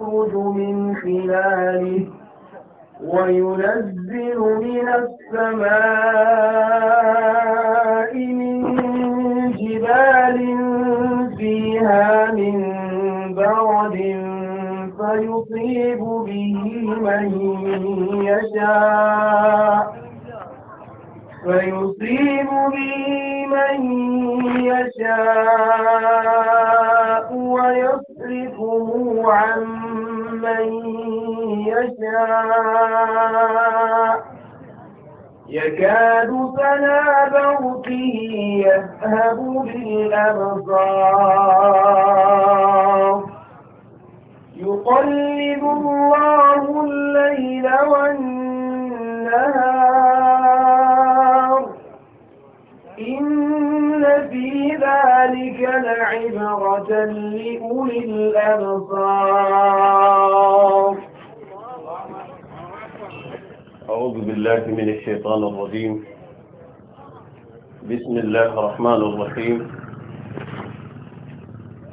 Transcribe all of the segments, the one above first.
يخرج من خلاله وينزل من السماء من جبال فيها من برد فيصيب به من يشاء فيصيب به من يشاء ويصرفه عن من يشاء يكاد سنا برقه يذهب بالأبصار يقلب الله الليل والنهار إن إن في ذلك لعبرة لأولي الأبصار أعوذ بالله من الشيطان الرجيم بسم الله الرحمن الرحيم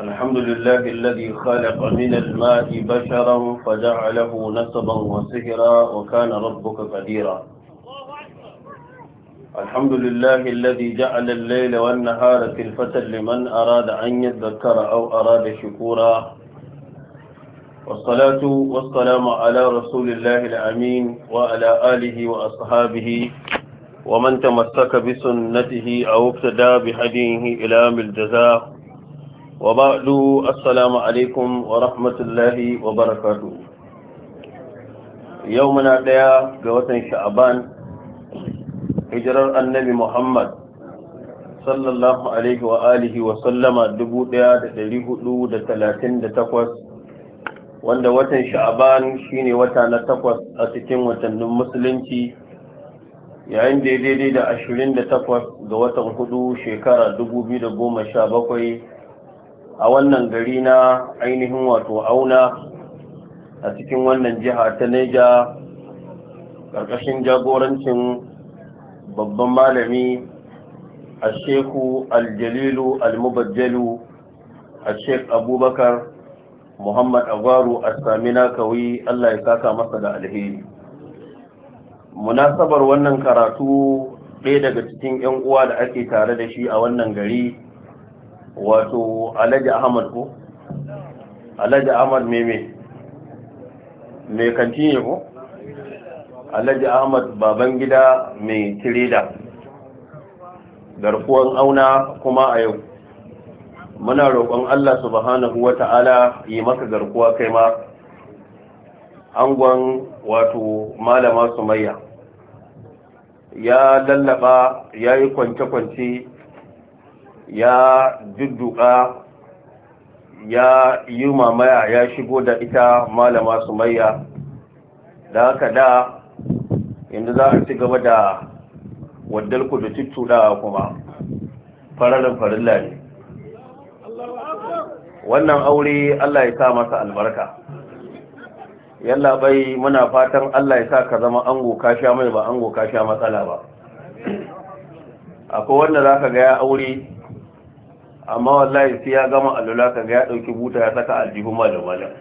الحمد لله الذي خلق من الماء بشرا فجعله نسبا وسهرا وكان ربك قديرا الحمد لله الذي جعل الليل والنهار كلفة لمن أراد أن يذكر أو أراد شكورا والصلاة والسلام على رسول الله الأمين وعلى آله وأصحابه ومن تمسك بسنته أو اقتدى بهديه إلى الجزاء وبعد السلام عليكم ورحمة الله وبركاته يومنا ديا جوة شعبان hijirar annabi muhammad sallallahu alaihi wa alihi wa sallama 1438 wanda watan sha'aban shine wata na takwas a cikin watannin musulunci yayin da daidai da 28 ga watan hudu shekara 2017 a wannan gari na ainihin wato auna a cikin wannan jiha ta neja ƙarƙashin jagorancin babban malami a sheku aljalilu almubajjalu a shek abubakar muhammad agwaru a samina kawai allah ya saka masa da alheri munasabar wannan karatu ɗaya daga cikin 'yan uwa da ake tare da shi a wannan gari wato alhaji ahmad ko alhaji ahmad meme mai kantin ko alhaji ahmad baban gida mai tireda garkuwan auna kuma a yau muna roƙon allah subhanahu wa ta'ala yi maka garkuwa kai ma angon wato malama sumayya ya lallaba ya yi kwance-kwance ya jidduka ya yi mamaya ya shigo da ita malama sumayya da haka da yanzu za a ci gaba da waddal ku da cuccuɗawa kuma fararin farilla ne wannan aure Allah ya sa masa albarka yalla bai muna fatan Allah ya sa ka zama ango ka sha mai ba ango ka sha matsala ba akwai wanda za ka gaya aure amma wallahi sai ya gama alula ka ga ya ɗauki buta ya saka aljihu malam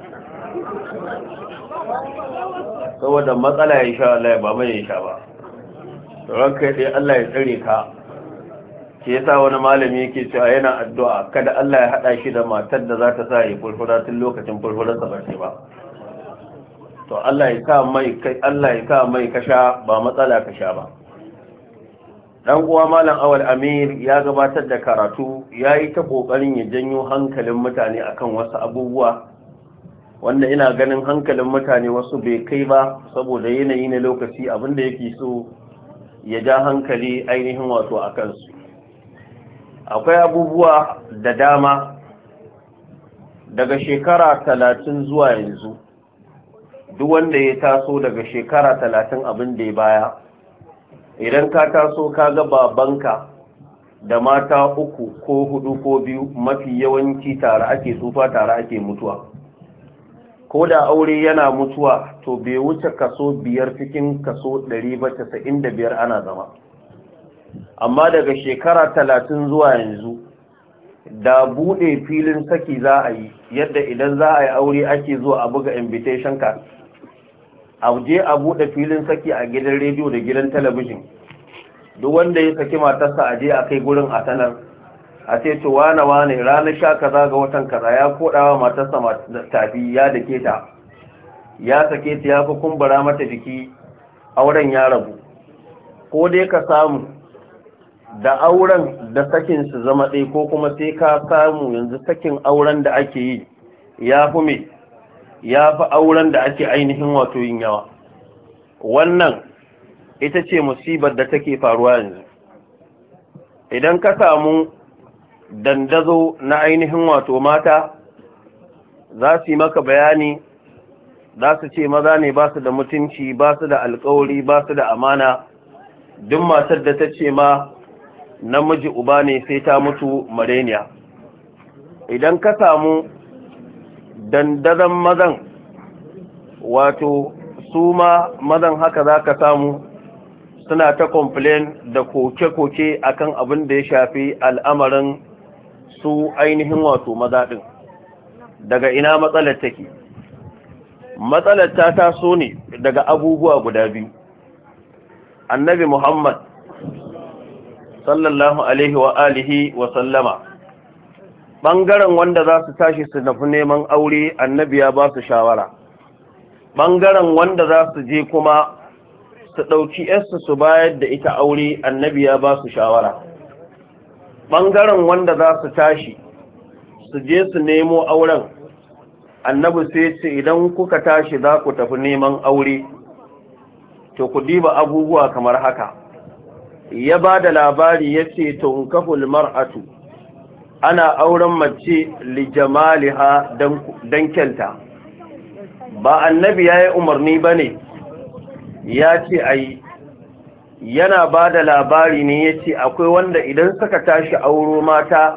saboda matsala ya sha Allah ba mai sha ba kai dai Allah ya tsare ka ke yasa wani malami yake cewa yana addu'a kada Allah ya hada shi da matar da za ta sa ya furfura tun lokacin furfurar sa ba ba to Allah ya sa mai kai Allah ya sa mai ka ba matsala ka sha ba dan uwa malam awal amir ya gabatar da karatu yayi ta kokarin ya janyo hankalin mutane akan wasu abubuwa wanda ina ganin hankalin mutane wasu bai kai ba saboda yanayi na lokaci abinda yake so ya ja hankali ainihin wato a kansu akwai abubuwa da dama daga shekara talatin zuwa yanzu duk wanda ya taso daga shekara talatin abin da ya baya idan ka taso ka ga babanka da mata uku ko hudu ko biyu mafi yawanci tare ake tsufa tare ake mutuwa ko da aure yana mutuwa to bai wuce kaso biyar cikin kaso ɗari ba casa'in da biyar ana zama amma daga shekara talatin zuwa yanzu da buɗe filin saki za a yi yadda idan za a yi aure ake zuwa a buga invitation card a je a buɗe filin saki a gidan rediyo da gidan talabijin duk wanda ya saki matarsa a je a kai gurin a sanar a ce to wane wane ranar sha kaza ga watan kaza ya kodawa matarsa tafi ya dake ta ya sake ta ya kumbura mata jiki auren ya rabu ko dai ka samu da auren da sakin su zama ɗaya ko kuma sai ka samu yanzu sakin auren da ake yi ya fi me ya fi auren da ake ainihin wato yin yawa wannan ita ce musibar da take faruwa yanzu idan ka samu dandazo na ainihin wato mata za su yi maka bayani za su ce maza ne ba su da mutunci ba su da alkawari ba su da amana duk matar da ta ce ma namiji uba ne sai ta mutu mareniya idan ka samu dandazon mazan wato su ma mazan haka za ka samu suna ta complain da koke-koke akan abin da ya shafi al'amarin su ainihin wato maza ɗin daga ina matsalar take matsalar ta taso ne daga abubuwa guda biyu annabi muhammad sallallahu alaihi wa alihi wa sallama ɓangaren wanda za su tashi su nafi neman aure annabi ya ba su shawara ɓangaren wanda za su je kuma su ɗauki yarsu su bayar da ita aure annabi ya ba su shawara ɓangaren wanda za su tashi su je su nemo auren annabi sai ce idan kuka tashi za ku tafi neman aure to ku diba abubuwa kamar haka ya ba da labari ya ce tunkaful mar'atu ana auren mace lijamaliha don kyanta ba annabi ya yi umarni ba ne ya ce a yi yana ba da labari ne ya ce akwai wanda idan suka tashi auro mata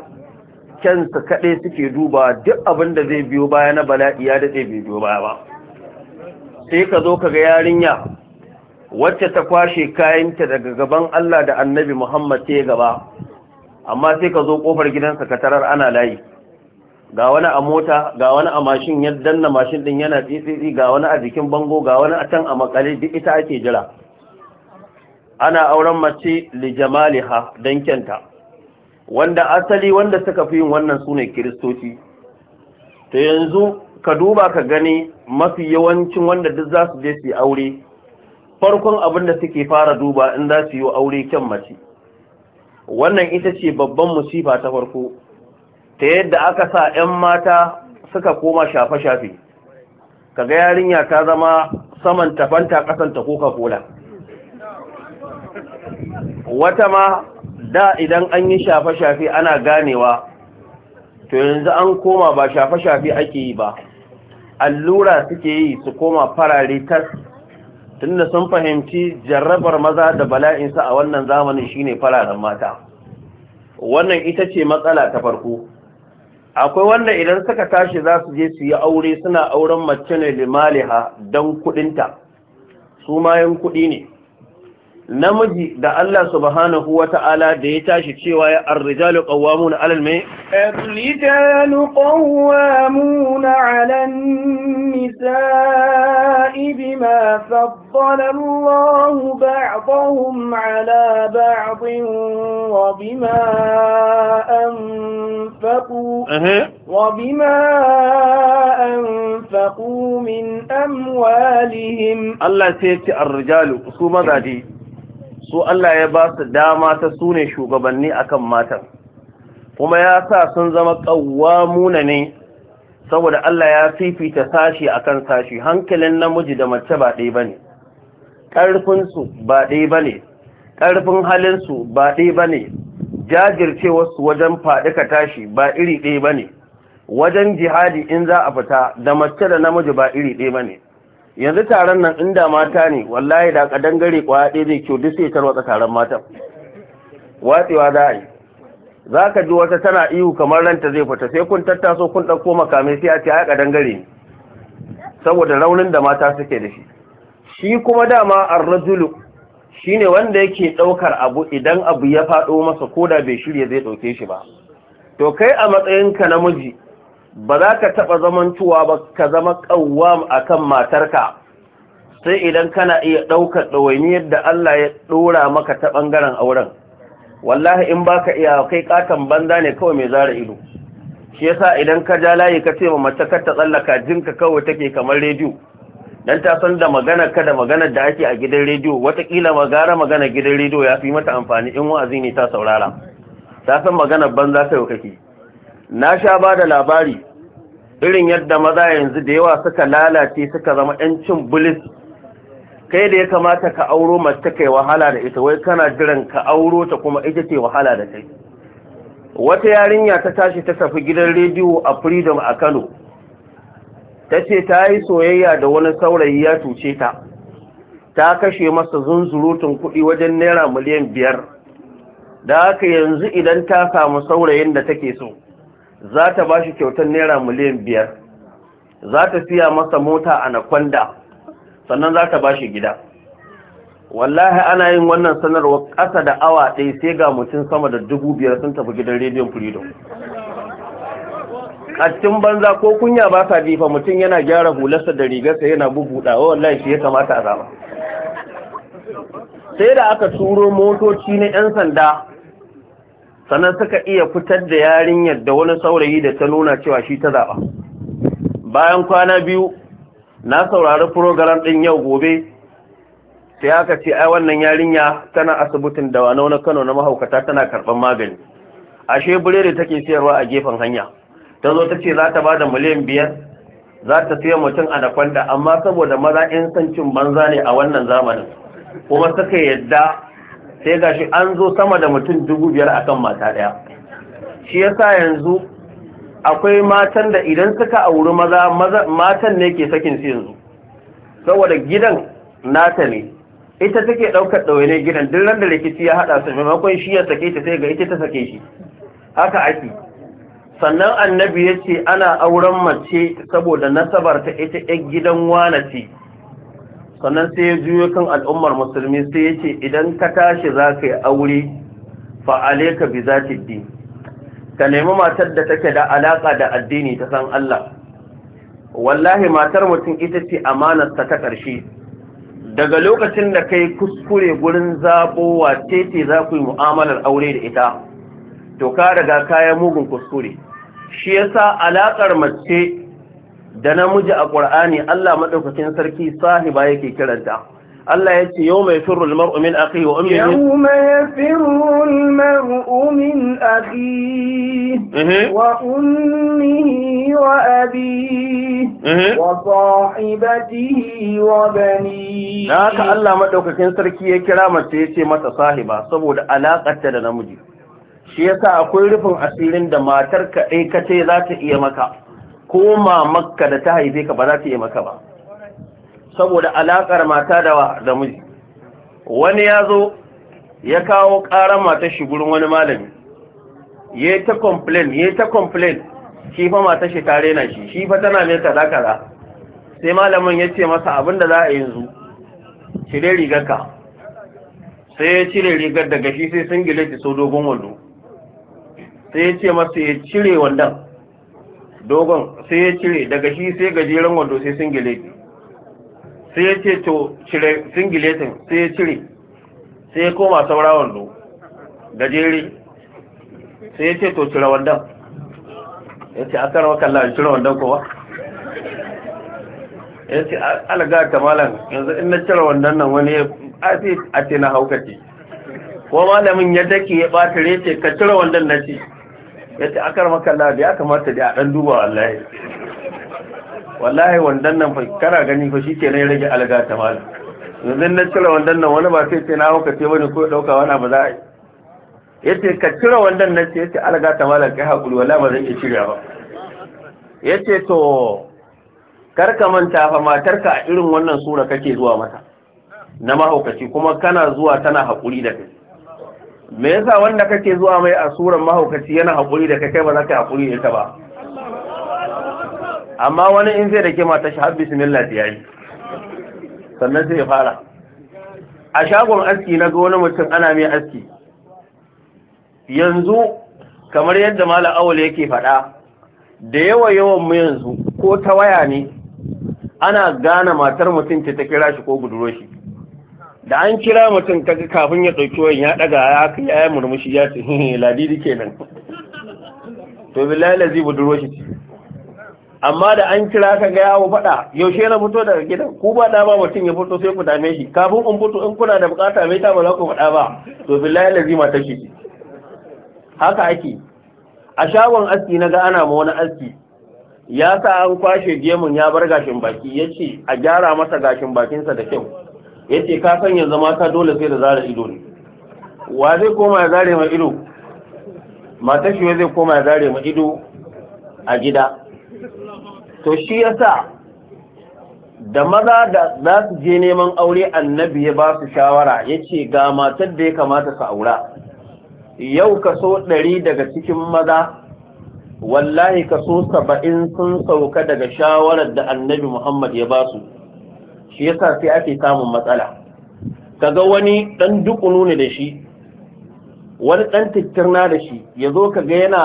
kyansa kaɗai suke duba duk abin da zai biyo baya na bala'i ya daɗe bai biyo baya ba sai ka zo ka ga yarinya wacce ta kwashe kayanta daga gaban Allah da annabi Muhammad ta gaba amma sai ka zo ƙofar gidansa ka tarar ana layi ga wani a mota ga wani a mashin yadda na mashin ɗin yana tsitsi ga wani a jikin bango ga wani a can a makale duk ita ake jira ana auren mace Lijamaliha jamaliha don kyanta wanda asali wanda suka fi yin wannan sune kiristoci Ta yanzu ka duba ka gani mafi yawancin wanda duk za su je su yi aure farkon abin da suke fara duba in za su yi aure kyan mace wannan ita ce babban musifa ta farko ta yadda aka sa 'yan mata suka koma shafe-shafe kaga yarinya ta zama saman tafanta kasanta coca-cola wata ma da idan an yi shafe-shafe ana ganewa to yanzu an koma ba shafe-shafe ake yi ba allura suke yi su koma farare tas tunda sun fahimci jarrabar maza da bala'insa a wannan zamanin shine fararen mata wannan ita ce matsala ta farko akwai wanda idan suka tashi za su je su yi aure suna auren mace ne limaliha don kudinta su mayan kudi ne namiji da Allah subhanahu wa ta'ala da ya tashi cewa ya arrijalu qawwamuna 'alal mai arrijalu qawwamuna 'alan nisa'i bima faddala Allah ba'dahum 'ala ba'din wa bima anfaqu uh-huh. wa bima faku min amwalihim Allah sai ya ce arrijalu su mazaje su Allah ya ba su dama ta sune ne shugabanni akan matan kuma ya sa sun zama ƙawwamuna ne saboda Allah ya fifita sashi akan sashi hankalin namiji da mace ba ɗaya bane ƙarfinsu ba ɗaya bane ƙarfin halinsu ba ɗaya bane su wajen faɗi ka tashi ba iri ɗaya bane wajen jihadi in za a fita da mace da namiji ba iri ɗaya bane yanzu taron nan inda mata ne wallahi da kadan gare kwa ɗaya zai kyau duk sai rwatsa taron matan watsewa za a yi za ka ji wata tana ihu kamar ranta zai fita sai kun tattaso kun ɗauko makamai sai a ce a kadan gare saboda raunin da mata suke da shi shi kuma dama arrajulu shine wanda yake ɗaukar abu idan abu ya faɗo masa ko da bai shirya zai ɗauke shi ba to kai a matsayinka namiji ba za ka taɓa zamantuwa ba ka zama ƙawwam a kan matarka sai idan kana iya ɗaukar ɗawainiyar da Allah ya ɗora maka ta ɓangaren auren wallahi in ba ka iya kai ƙaton banza ne kawai mai zara ido shi yasa idan ka ja layi ka ce ma mace kar ta tsallaka jinka kawai take kamar rediyo dan ta san da magana ka da magana da ake a gidan rediyo watakila gara magana gidan rediyo ya fi mata amfani in wa'azi ne ta saurara ta san magana banza kai kake na sha ba da labari irin yadda maza yanzu da yawa suka lalace suka zama 'yancin bulis kai da ya kamata ka auro mace kai wahala da ita wai kana jiran ka auro ta kuma ita ce wahala da kai wata yarinya ta tashi ta tafi gidan rediyo a freedom a kano ta ce ta yi soyayya da wani saurayi ya tuce ta ta kashe masa zunzurutun kuɗi wajen naira miliyan biyar da haka yanzu idan ta samu saurayin da take so za ta ba shi kyautar naira miliyan biyar za ta siya masa mota a nakwanda sannan za ta ba shi gida wallahi ana yin wannan sanarwa ƙasa da awa ɗaya sai ga mutum sama da dubu biyar sun tafi gidan rediyon freedom cikin banza ko kunya ba sa jifa mutum yana gyara hularsa da rigarsa yana bubuɗawa wallahi shi ya kamata a zama sai da aka turo motoci na 'yan sanda sannan suka iya fitar da yarinyar da wani saurayi da ta nuna cewa shi ta zaɓa bayan kwana biyu na saurari program ɗin yau gobe sai aka ce ai wannan yarinya tana asibitin da wano na kano na mahaukata tana karɓar magani ashe biredi take siyarwa a gefen hanya ta zo ta ce za ta ba da miliyan biyar za ta siya mutum a da amma saboda maza 'yan sancin banza ne a wannan zamanin kuma suka yadda sai ga shi an zo sama da mutum dubu biyar a kan mata ɗaya shi sa yanzu akwai matan da idan suka auri maza matan ne ke sakin yanzu saboda gidan nata ne ita take ɗaukar ɗawaine gidan duk ran da rikici ya haɗa su maimakon shi ya sake ta sai ga ita ta sake shi haka ake sannan annabi ya ce ana auren mace saboda nasabar ta ita 'yan gidan wana ce sannan sai ya juyo kan al'ummar musulmi sai ya ce idan ka tashi za ka yi aure fa'ale ka bi za ka nemi matar da take da alaƙa da addini ta san Allah wallahi matar mutum ita ce amanarsa ta ƙarshe daga lokacin da kai kuskure gurin zaɓo wa tete za ku yi mu'amalar aure da ita to ka daga kayan mugun kuskure shi yasa alaƙar mace da namiji a ƙur'ani Allah maɗaukakin sarki sahiba yake kiranta Allah ya ce yau mai firul mar'u min akhi wa ummihi yau mai firul mar'u min akhi wa ummihi wa abihi wa sahibatihi wa bani haka Allah maɗaukakin sarki ya kira mace ya ce mata sahiba saboda alaƙarta da namiji shi yasa akwai rufin asirin da matar ka kaɗai kace za ta iya maka ko Makka da ta haife ka ba za ta yi maka ba saboda alakar mata da wa da miji wani ya zo ya kawo ƙaran matar shi gurin wani malami ya ta complain ya ta complain shi fa matar shi tare na shi shi fa tana mai kaza kaza sai malamin ya ce masa abin da za a yanzu cire rigar ka sai ya cire rigar daga shi sai sun gile shi so dogon wando sai ya ce masa ya cire wannan. dogon sai ya cire daga shi sai gajeren wando sai singileti sai ya ce to cire singiletin sai ya cire sai ya koma saura wando gajere sai ya ce to cire wandan ya ce a kalla ya cire wandon kowa ya ce ta malam yanzu in na cire wandon nan wani ya a ce na haukace ko malamin ya dake ya ɓata rece ka cire wandon na ce ya ce akar kalla da ya kamata da a ɗan duba wallahi wallahi wandan nan fa kana gani fa shi ke na rage alga ta mala yanzu na cire wandan nan wani ba sai ce na hauka ce bane ko ɗauka wani ba za a yi ya ce ka cire wandan nan ce ya ce alga ta mala kai haƙuri wala ba zan iya cire ba ya ce to kar ka manta fa matarka a irin wannan sura kake zuwa mata na mahaukaci kuma kana zuwa tana haƙuri da kai me yasa wanda kake zuwa mai a suran mahaukaci yana haƙuri da kai kai ba za ka haƙuri ita ba amma wani in zai da ke mata shahar bismillah ta yayi sannan sai ya fara a shagon aski na ga wani mutum ana mai aski yanzu kamar yadda malam awul yake faɗa da yawa yawan mu yanzu ko ta waya ne ana gane matar mutum ce ta kira shi ko buduro shi da an kira mutum kaga kafin ya ɗauki wayan ya ɗaga ya kai ya murmushi ya ce ladidi kenan to billahi lazi budurwa shi amma da an kira ka ga yawo faɗa yaushe na fito daga gidan ku ba dama mutum ya fito sai ku dame shi kafin in fito in kuna da bukata mai ta ba za ku faɗa ba to billahi lazi mata shi haka ake a shagon aski na ga ana ma wani aski ya sa an kwashe gemun ya bar gashin baki ya ce a gyara masa gashin bakinsa da kyau yace ka san yanzu mata dole sai da zara ido ne wa zai koma ya zare ma ido Mata shi zai koma ya zare ma ido a gida to shi yasa da maza da za su je neman aure annabi ya ba su shawara ya ce ga matar da ya kamata ka aura yau kaso ɗari daga cikin maza wallahi kaso saba'in sun sauka daga shawarar da annabi muhammad ya ba su shi yasa sai ake samun matsala kaga wani dan dukunu ne da shi wani dan tittirna da shi yazo kaga yana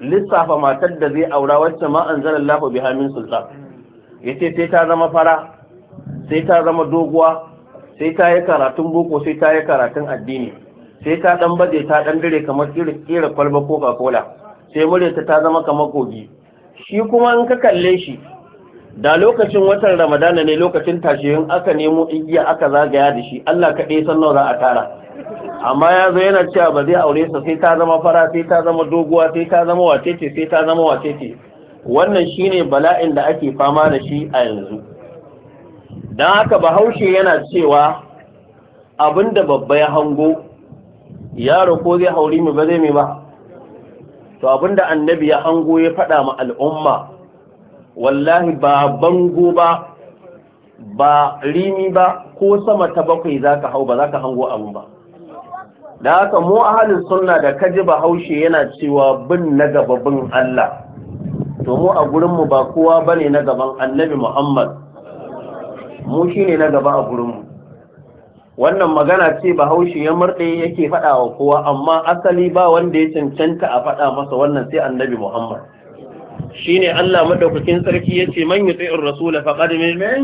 lissafa matar da zai aura wacce ma anzalallahu biha min sultan yace sai ta zama fara sai ta zama doguwa sai ta yi karatun boko sai ta yi karatun addini sai ta dan baje ta dan dire kamar kira kwalba coca cola sai mure ta ta zama kamar kogi shi kuma in ka kalle shi da lokacin watan ramadana ne lokacin tashiyin aka nemo igiya aka zagaya da shi Allah kaɗai san nawa za a tara amma ya zo yana cewa ba zai aure sa sai ta zama fara sai ta zama doguwa sai ta zama wacece sai ta zama wacece wannan shine bala'in da ake fama da shi a yanzu dan haka bahaushe yana cewa abinda babba ya hango yaro ko zai hauri mu ba zai mai ba to abinda annabi ya hango ya faɗa ma al'umma wallahi ba bango ba ba rimi ba ko sama ta bakwai za ka hau ba za ka hango abu ba da haka mu halin suna da kaji ba haushe yana cewa bin na gaba bin Allah to mu a gurinmu ba kowa ba ne na gaban annabi Muhammad mu shi ne na gaba a gurinmu wannan magana ce ba haushe ya murɗe yake faɗa wa kowa amma asali ba wanda ya cancanta a faɗa masa wannan sai annabi Muhammad shine Allah madaukakin sarki ce man yuti'ir rasula faqad min man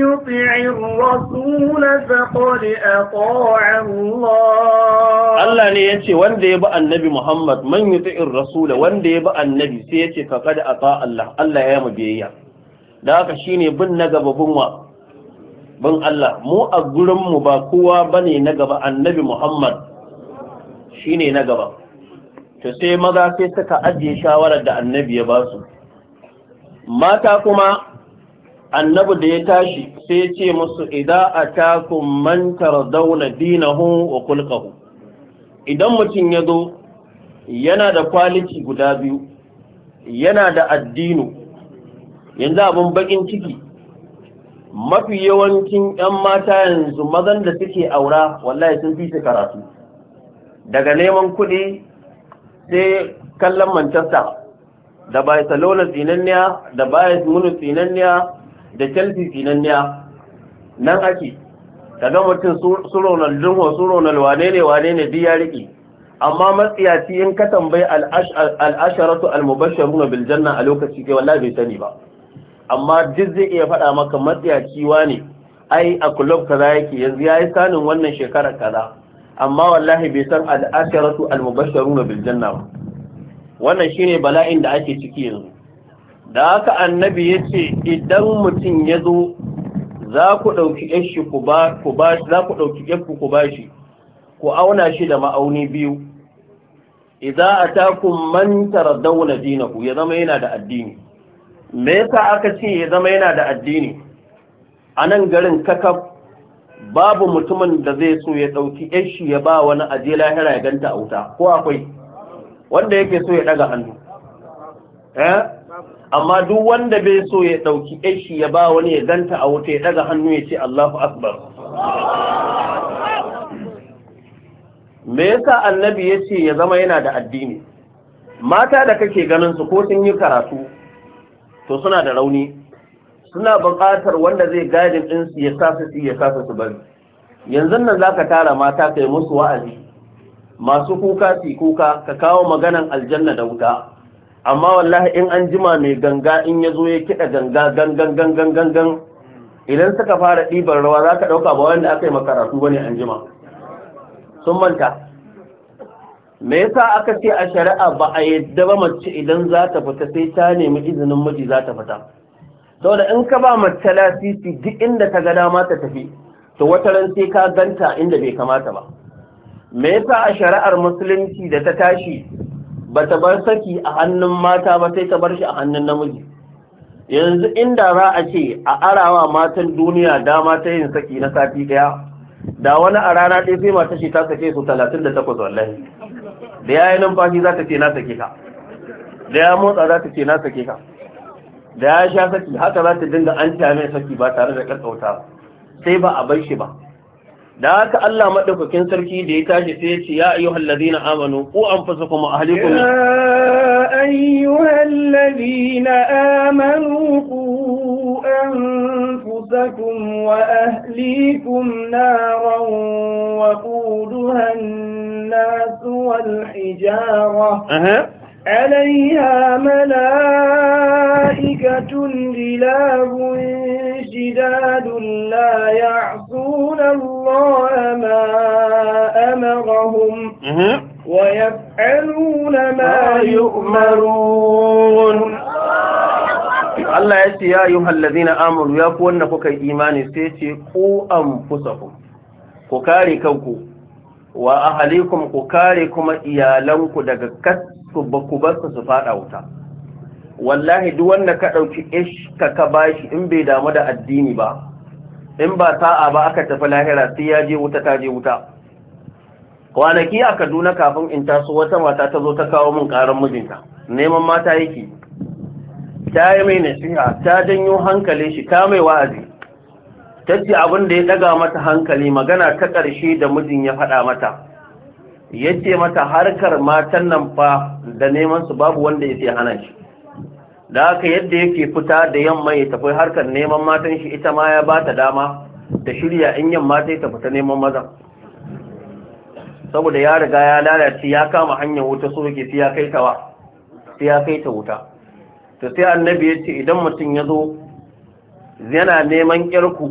yuti'ir rasul faqad ata'a Allah Allah ne ya ce wanda ya bi annabi Muhammad man yuti'ir rasul wanda ya bi annabi sai ya yace faqad ata'a Allah Allah ya yi mabiyayya da haka shine bin na gaba bin wa bin Allah mu a gurin mu ba kowa bane na gaba annabi Muhammad shine na gaba to sai maza sai suka ajiye shawarar da annabi ya ba su mata kuma annabi da ya tashi sai ya ce musu idza atakum man tardawna dinahu wa khulquhu idan mutum ya zo yana da kwaliti guda biyu yana da addinu yanzu abin bakin ciki mafi yawancin 'yan mata yanzu mazan da suke aura wallahi sun fi su karatu daga neman kuɗi sai kallon manchester da barcelona tsinanniya da bayern munich tsinanniya da chelsea tsinanniya nan ake daga mutum su ronaldinho su ronald wane ne wane ne duk ya riƙe amma matsiyaci in ka tambayi al'asharatu al-mubashsharuna bil janna a lokaci kai wallahi bai sani ba amma duk zai iya faɗa maka matsiyaci wane ai a kulob kaza yake yanzu ya yi sanin wannan shekarar kaza amma wallahi bai san al'asharatu al-mubashsharun bil janna ba wannan shine bala'in da ake ciki yanzu da haka annabi yace idan mutum yazo zo za ku ɗauki yashi ku ba ku ba za ku dauki ku ba ku auna shi da ma'auni biyu idza atakum man taradawna dinahu ya zama yana da addini me yasa aka ce ya zama yana da addini a nan garin kakaf babu mutumin da zai so ya ɗauki shi ya ba wani aje lahira ya ganta a wuta ko akwai wanda yake so ya ɗaga hannu eh? amma duk wanda bai so ya ɗauki shi ya ba wani ya ganta a wuta ya ɗaga hannu ya ce Allahu akbar me yasa annabi ya ce ya zama yana da addini mata da kake ganin su ko sun yi karatu to suna da rauni suna buƙatar wanda zai gadin ɗinsu ya sa su ya sa su bari yanzu nan za ka tara mata ka musu wa'azi masu kuka su kuka ka kawo maganan aljanna da wuta amma wallahi in an jima mai ganga in ya zo ya kiɗa ganga gangan gangan gangan idan suka fara ɗiban rawa za ka ɗauka ba wanda aka yi makaratu ba ne an jima sun manta me yasa aka ce a shari'a ba a yadda ba mace idan za ta fita sai ta nemi izinin miji za ta fita saboda in ka ba mace lasisi duk inda ta ga dama ta tafi to wata ran sai ka ganta inda bai kamata ba me yasa a shari'ar musulunci da ta tashi ba ta bar saki a hannun mata ba sai ta bar shi a hannun namiji yanzu inda za a ce a arawa matan duniya dama ta yin saki na sati daya da wani a rana ɗaya sai mata ce ta sake su talatin da takwas wallahi da yayi numfashi za ta ce na sake ka da ya motsa za ta ce na sake ka da ya sha saki haka za ta dinga an mai saki ba tare da kakkauta sai ba a bai shi ba da haka Allah madaukakin sarki da ya tashi sai ya ce ya ayyuhal ladina amanu ku anfusakum wa ahlikum ya ayyuhal ladina amanu ku أنفسكم وأهليكم نارا وقودها الناس والحجارة أه. عليها ملائكة غلاب شداد لا يعصون الله ما أمرهم ويفعلون ما يؤمرون الله يأتي يا أيها الذين آمنوا يقول إنك إيماني سيتي قو أنفسكم كوكاري كوكو wa ahalikum ku kare kuma iyalanku daga kasu ba ku bar su faɗa wuta wallahi duk wanda ka ɗauki ishka ka bashi in bai damu da addini ba in ba sa'a ba aka tafi lahira sai ya je wuta ta je wuta kwanaki a kaduna kafin in taso wata mata ta zo ta kawo min karan mijinta neman mata yake ta yi mai nasiha ta janyo hankalin shi ta mai wa'azi tace abin da ya daga mata hankali magana ta ƙarshe da mijin ya faɗa mata yace mata harkar matan nan fa da neman su babu wanda yake hana shi da haka yadda yake fita da yamma ya tafi harkar neman matan shi ita ma ya ba ta dama da shirya in yamma ta ta fita neman maza saboda ya riga ya lalace ya kama hanyar wuta so yake sai kai ta wa kai ta wuta to sai annabi ya ce idan mutum ya zo yana neman ƙyarku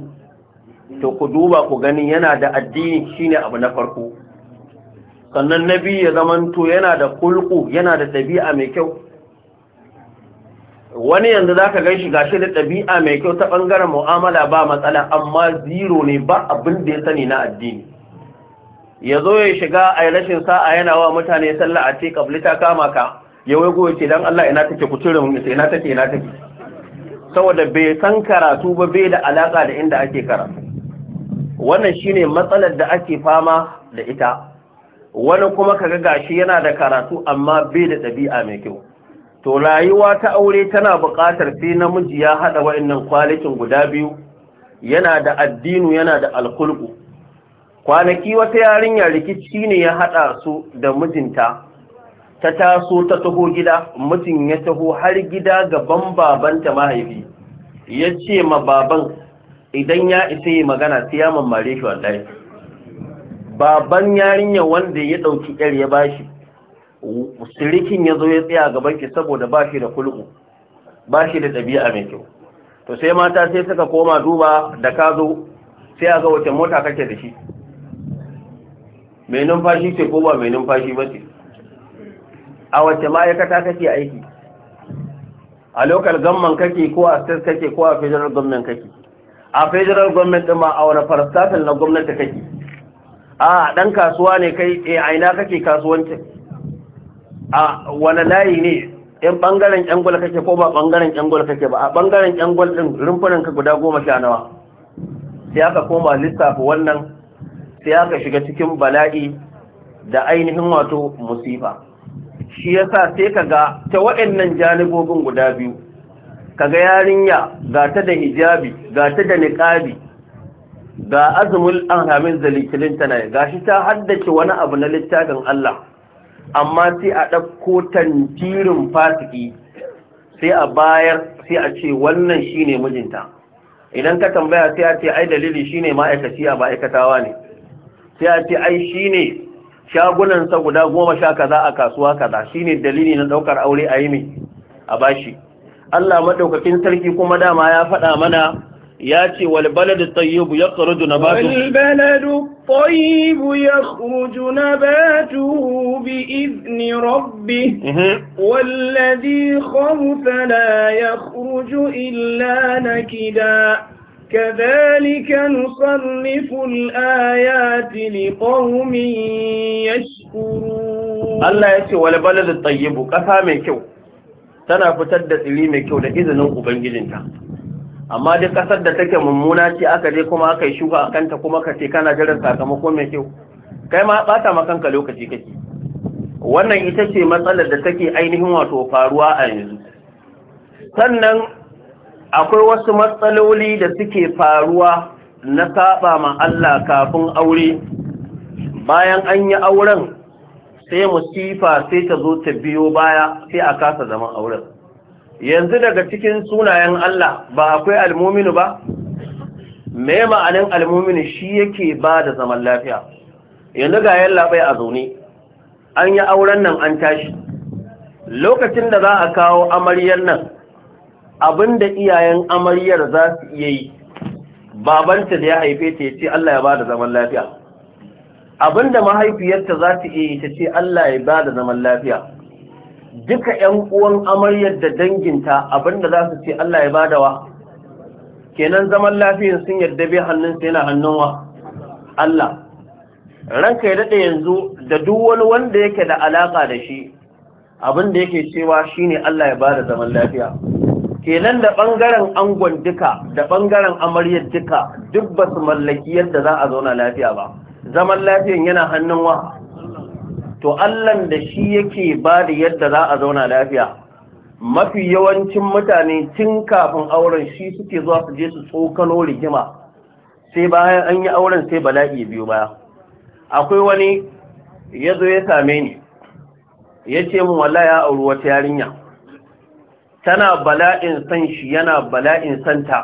to ku duba ku gani yana da addini shine abu na farko sannan na biyu ya zamanto yana da kulku yana da ɗabi'a mai kyau wani yanzu zaka ka gan shi gashi da ɗabi'a mai kyau ta ɓangaren mu'amala ba matsala amma zero ne ba abin da ya sani na addini ya zo ya shiga a rashin sa'a yana wa mutane sallah a ce kabli ta kama ka ya wai goyi ce dan Allah ina take ku cire mun ina take ina take saboda bai san karatu ba bai da alaka da inda ake karatu wannan shine matsalar da ake fama da ita wani kuma ka ga gashi yana da karatu amma bai da ɗabi'a mai kyau to rayuwa ta aure tana buƙatar sai namiji ya haɗa wa'annan kwalitin guda biyu yana da addinu yana da alkulku kwanaki wata yarinya rikici ne ya haɗa su da mijinta ta taso ta taho gida mutum ya taho har gida gaban babanta mahaifi ya ce ma baban idan ya isa yi magana sai ya mammare shi wallahi baban yarinya wanda ya ɗauki yar ya bashi sirikin ya zo ya tsaya gaban ki saboda ba shi da kulku ba shi da ɗabi'a mai kyau to sai mata sai suka koma duba da ka zo sai a ga wace mota kake da shi mai numfashi ce ko ba mai numfashi ba ce a wace ma'aikata kake aiki a lokal gamman kake ko a state kake ko a federal gamman kake a federal government ɗin ma a wani parastatal na gwamnati kake a ɗan kasuwa ne kai eh, a ina kake kasuwancin a wani layi ne in ɓangaren yan gwal kake ko ba ɓangaren yan kake ba a bangaren yan gwal ɗin rumfunan ka guda goma sha nawa sai aka koma lissafi wannan sai aka shiga cikin bala'i da ainihin wato musifa shi yasa sai ka ga ta waɗannan janibobin guda biyu kaga yarinya ga ta da hijabi ga ta da niqabi ga azmul anhamin zalikilin tana ga shi ta haddace wani abu na littafin Allah amma sai a ɗauko tantirin fasiki sai a bayar sai a ce wannan shine mijinta idan ka tambaya sai a ce ai dalili shine ma'aikaci a ma'aikatawa ne sai a ce ai shine shagunansa guda goma sha kaza a kasuwa kaza shine dalili na ɗaukar aure a yi a bashi Allah madaukakin sarki kuma dama ya faɗa mana ya ce wal baladu tayyibu yakhruju nabatu wal baladu tayyibu yakhruju nabatu bi idni rabbi wal ladhi khabutha la yakhruju illa nakida كذلك نصرف الآيات لقوم يشكرون الله يسي والبلد الطيب قفا من كو tana fitar da tsiri mai kyau da izinin ubangijinta amma duk ƙasar da take mummuna ce aka je kuma aka yi shuka a kanta kuma ka ce kana jiran sakamako mai kyau kai ma ɓata ma kanka lokaci kake wannan ita ce matsalar da take ainihin wato faruwa a yanzu sannan akwai wasu matsaloli da suke faruwa na saba ma Allah kafin aure bayan an yi auren sai musifa sai ta zo ta biyo baya sai a kasa zaman auren yanzu daga cikin sunayen Allah ba akwai almominu ba me ma'anin almominu shi yake ba da zaman lafiya yanzu ga yan labai a zaune an yi auren nan an tashi lokacin da za a kawo amaryar nan abin da iyayen amaryar za su iya yi babanta da ya haife ta ya ce Allah ya ba da zaman lafiya abinda mahaifiyarta za ta iya ita ce Allah ya ba da zaman lafiya duka ‘yan uwan amaryar da danginta abinda za su ce Allah ya ba da wa kenan zaman lafiyar sun yarda bai hannunsa yana hannun wa Allah ranka ya daɗe yanzu da duk wani wanda yake da alaƙa da shi abinda yake cewa shine Allah ya ba da zaman lafiya kenan da ɓangaren angon duka da ɓangaren amaryar duka duk ba su mallaki yadda za a zauna lafiya ba zaman lafiyan yana hannun wa to allan da shi yake ba da yadda za a zauna lafiya mafi yawancin mutane tun kafin auren shi suke zuwa su je su tsokano rigima sai bayan an yi auren sai bala'i biyu baya akwai wani ya zo ya same ni ya ce min wallahi ya auri wata yarinya tana bala'in san shi yana bala'in santa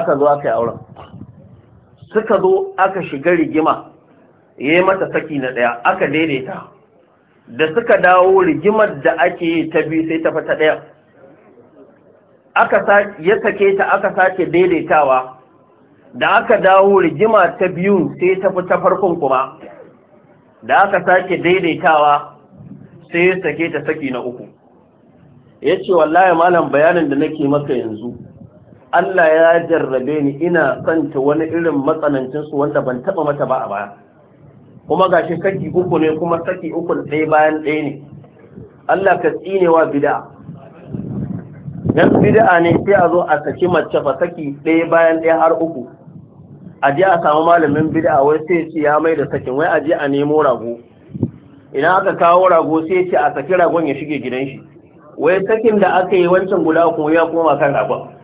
aka zo aka yi auren suka zo aka shiga rigima ya yi mata saki na ɗaya aka daidaita da suka dawo rigimar da ake yi ta biyu sai ta fata ɗaya ya sake ta aka sake daidaitawa da aka dawo rigima ta biyu sai ta fi ta farkon kuma da aka sake daidaitawa sai ya sake ta saki na uku ya ce wallahi malam bayanin da nake maka yanzu Allah ya jarrabe ni ina santa wani irin matsanancin wanda ban taba mata ba a baya kuma gashi saki uku ne kuma saki uku ɗaya bayan ɗaya ne Allah ka tsinewa bid'a dan bid'a ne sai a zo a saki mace fa saki ɗaya bayan ɗaya har uku a je a samu malamin bid'a wai sai ce ya mai da sakin wai a je a nemo rago idan aka kawo rago sai ce a saki ragon ya shige gidan shi wai sakin da aka yi wancan guda kuma ya koma kan ragon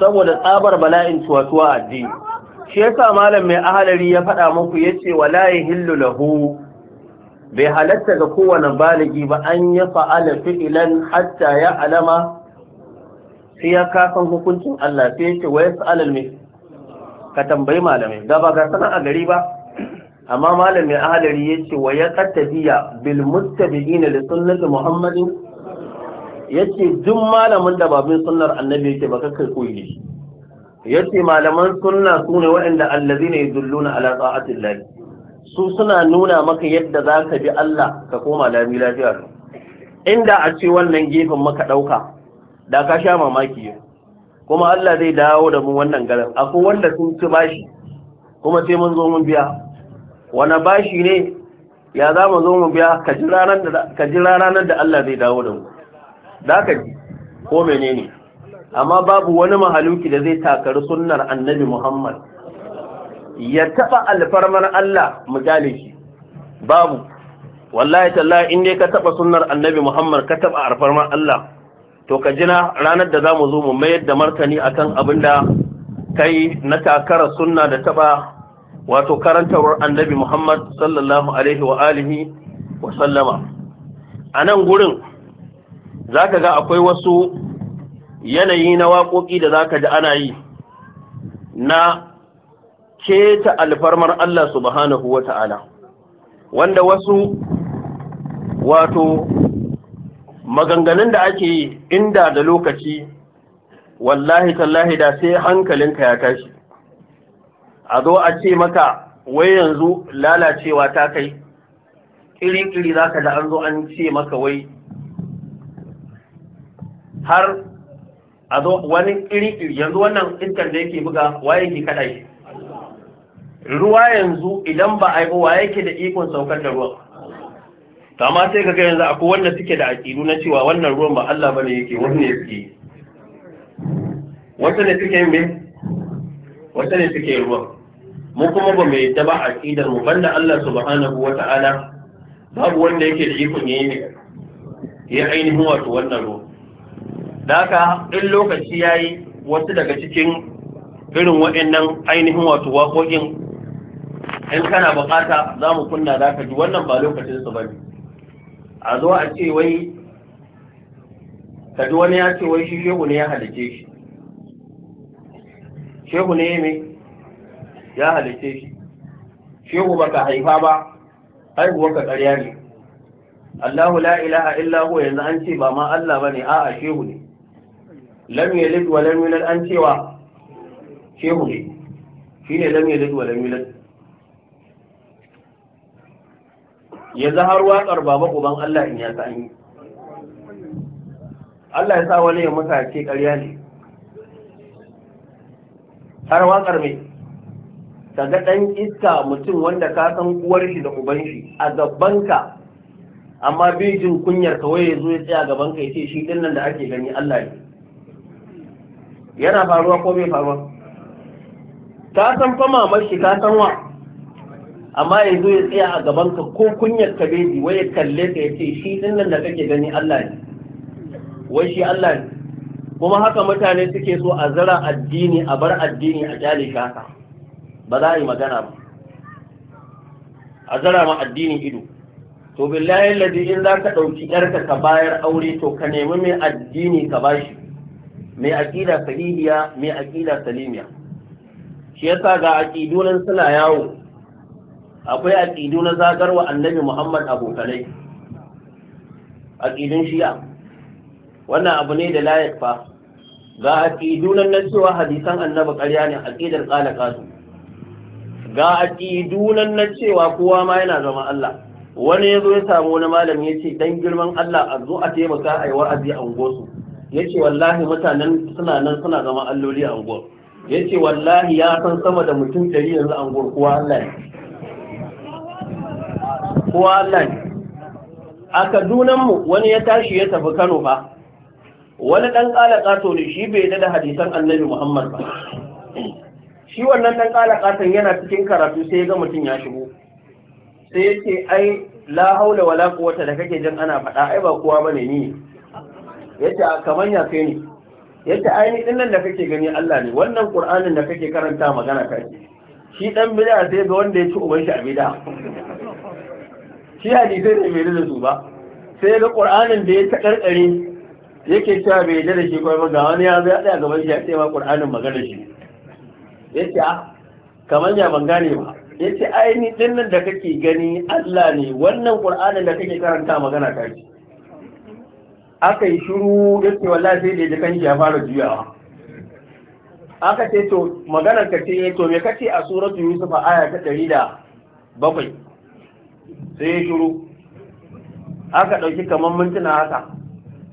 saboda tsabar bala'in tuwatuwa addini shi yasa malam mai ahalari ya faɗa muku yace wala yahillu lahu bai halatta ga kowane baligi ba an ya fa'ala fi'ilan hatta ya alama sai ya kasan hukuncin Allah sai yake wa yas'alal mai ka tambayi malamai da ba ga sana a gari ba amma malam mai ahalari yace wa ya qattabiya bil muttabi'ina li sunnati muhammadin yace duk malamin da babin sunnar annabi yake ba kai koyi yace malaman sunna su ne waɗanda allazina yadulluna ala llah su suna nuna maka yadda za ka bi Allah ka koma lami lafiya inda a ce wannan gefen maka ɗauka da ka sha mamaki kuma Allah zai dawo da mu wannan garin akwai wanda sun ci bashi kuma sai mun zo mun biya wani bashi ne ya za mu zo mu biya ka ji ranar da Allah zai dawo da mu da ka ji ko menene amma babu wani mahaluki da zai takari sunnar annabi Muhammad ya taɓa alfarmar Allah misali shi babu wallahi tallahi in dai ka taɓa sunnar annabi Muhammad ka taɓa alfarmar Allah to ka jina ranar da za mu zo mu mayar da martani akan abin da kai na takara sunna da taɓa wato karantarwar annabi Muhammad sallallahu alaihi wa alihi wa sallama a nan gurin za ka ga akwai wasu yanayi na waƙoƙi da za ka ji ana yi na keta alfarmar Allah subhanahu wa ta'ala wanda wasu wato maganganun da ake yi inda da lokaci wallahi tallahi da sai hankalinka ya tashi a zo a ce maka wai yanzu lalacewa ta kai ƙiri-ƙiri za ka da an zo an ce maka wai har a zo wani iri-iri yanzu wannan iskar da yake buga waye ke kada shi ruwa yanzu idan ba a yi wa yake da ikon saukar da ruwan Ta ma sai ga yanzu akwai wanda suke da aƙidu na cewa wannan ruwan ba Allah bane yake wani ne yi wata ne suke mai wata ne suke ruwan mu kuma ba mu yadda ba ƙidar mu banda Allah subhanahu ala? babu wanda yake da ikon yi ne ya ainihin wato wannan ruwan da haka in lokaci ya yi wasu daga cikin irin waɗannan ainihin wato waƙoƙin in kana buƙata za mu kunna za ka ji wannan ba lokacin su ba a zo a ce wai ka ji wani ya ce wai shi shehu ne ya halice shi shehu ne me ya halice shi shehu baka haifa ba ka ƙarya ne Allahu la ilaha illa huwa yanzu an ce ba ma Allah bane a'a shehu ne lam yalid wa lam yulad an cewa shehu ne ne lam yalid wa lam yulad ya zahar waƙar baba uban Allah in ya sa yi Allah ya sa wani ya masa ce ƙarya ne har waƙar mai ka ga ɗan iska mutum wanda ka san uwar shi da uban shi a ka, amma bai jin kunyar kawai ya zo ya tsaya ka ya ce shi ɗin nan da ake gani Allah ne yana faruwa ko bai faruwa ka san fa mamar ka san wa amma yanzu ya tsaya a gaban ka ko kunyar ka bai wai ya kalle ka ya ce shi din nan da kake gani Allah ne wai shi Allah ne kuma haka mutane suke so a zara addini a bar addini a kyale ka. ba za a yi magana ba a zara ma addini ido to billahi ladi in za ka ɗauki yarka ka bayar aure to ka nemi mai addini ka bashi mai aƙida sahihiya mai aƙida salimiya shi yasa ga aƙidu nan suna yawo akwai aƙidu na wa annabi muhammad abokanai aƙidun shiya wannan abu ne da layak fa ga aƙidu nan na cewa hadisan annabi ƙarya ne aƙidar ƙala ƙasu ga aƙidu nan na cewa kowa ma yana zama Allah wani ya zo ya samu wani malam ya ce dan girman Allah a zo a taimaka a yi wa'azi a unguwarsu. ya ce wallahi mutanen suna nan suna zama alloli a unguwar ya ce wallahi ya san sama da mutum ɗari yanzu a unguwar kuwa Allah Kuwa kowa Allah a kadunanmu wani ya tashi ya tafi kano ba wani ɗan ƙala ƙato ne shi bai da hadisan annabi muhammad ba shi wannan ɗan ƙala ƙaton yana cikin karatu sai ya ga mutum ya shigo sai ya ce ai la haula wala quwwata da kake jin ana faɗa ai ba kowa bane ni yace kaman ya kai ni yace ai din nan da kake gani Allah ne wannan Qur'anin da kake karanta magana ta ce shi dan bid'a sai ga wanda ya ci uban shi a bid'a shi hadisi ne mai da su ba sai ga Qur'anin da ya ta karkare yake cewa bai da shi ko ba ga wani ya zai tsaya gaban shi ya ce ma Qur'anin magana shi yace a kaman ya ban gane ba yace ai ni din nan da kake gani Allah ne wannan Qur'anin da kake karanta magana ta ce aka yi shuru ya ce wallahi sai da kan ya fara juyawa aka ce to maganar ka ce to me kace a suratu yusuf aya ta ɗari da bakwai sai ya shiru aka ɗauki kamar mintuna haka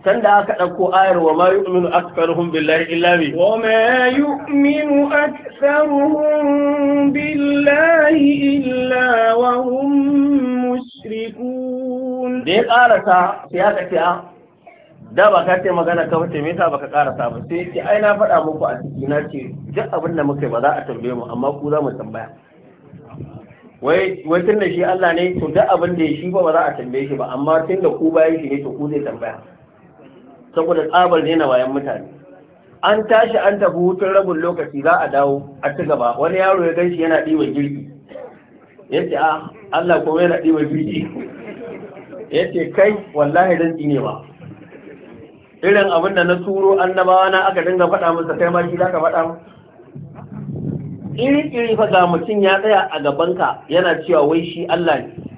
can da aka ɗauko ayar wa ma yu'minu aktsaruhum billahi illa bi wa ma yu'minu aktsaruhum billahi illa wa hum mushrikun da ya karasa sai aka ce ah, da ba ka ce magana ka wace me yasa baka karasa ba sai ce ai na faɗa muku a ciki na ce duk abin da muka yi ba za a tambaye mu amma ku za mu tambaya wai wai tun da shi Allah ne to duk abin da shi ba ba za a tambaye shi ba amma tun da ku bayan shi ne to ku zai tambaya saboda tsabar ne na wayan mutane an tashi an tafi hutun rabin lokaci za a dawo a ci gaba wani yaro ya gan shi yana ɗiwa girki ya ce a ah, Allah kuma yana ɗiwa girki ya ce kai wallahi dan ne ba irin abin da na turo annabawa na aka dinga faɗa masa kai ma shi za ka faɗa mu iri-iri fa ga mutum ya tsaya a gabanka yana cewa wai shi Allah ne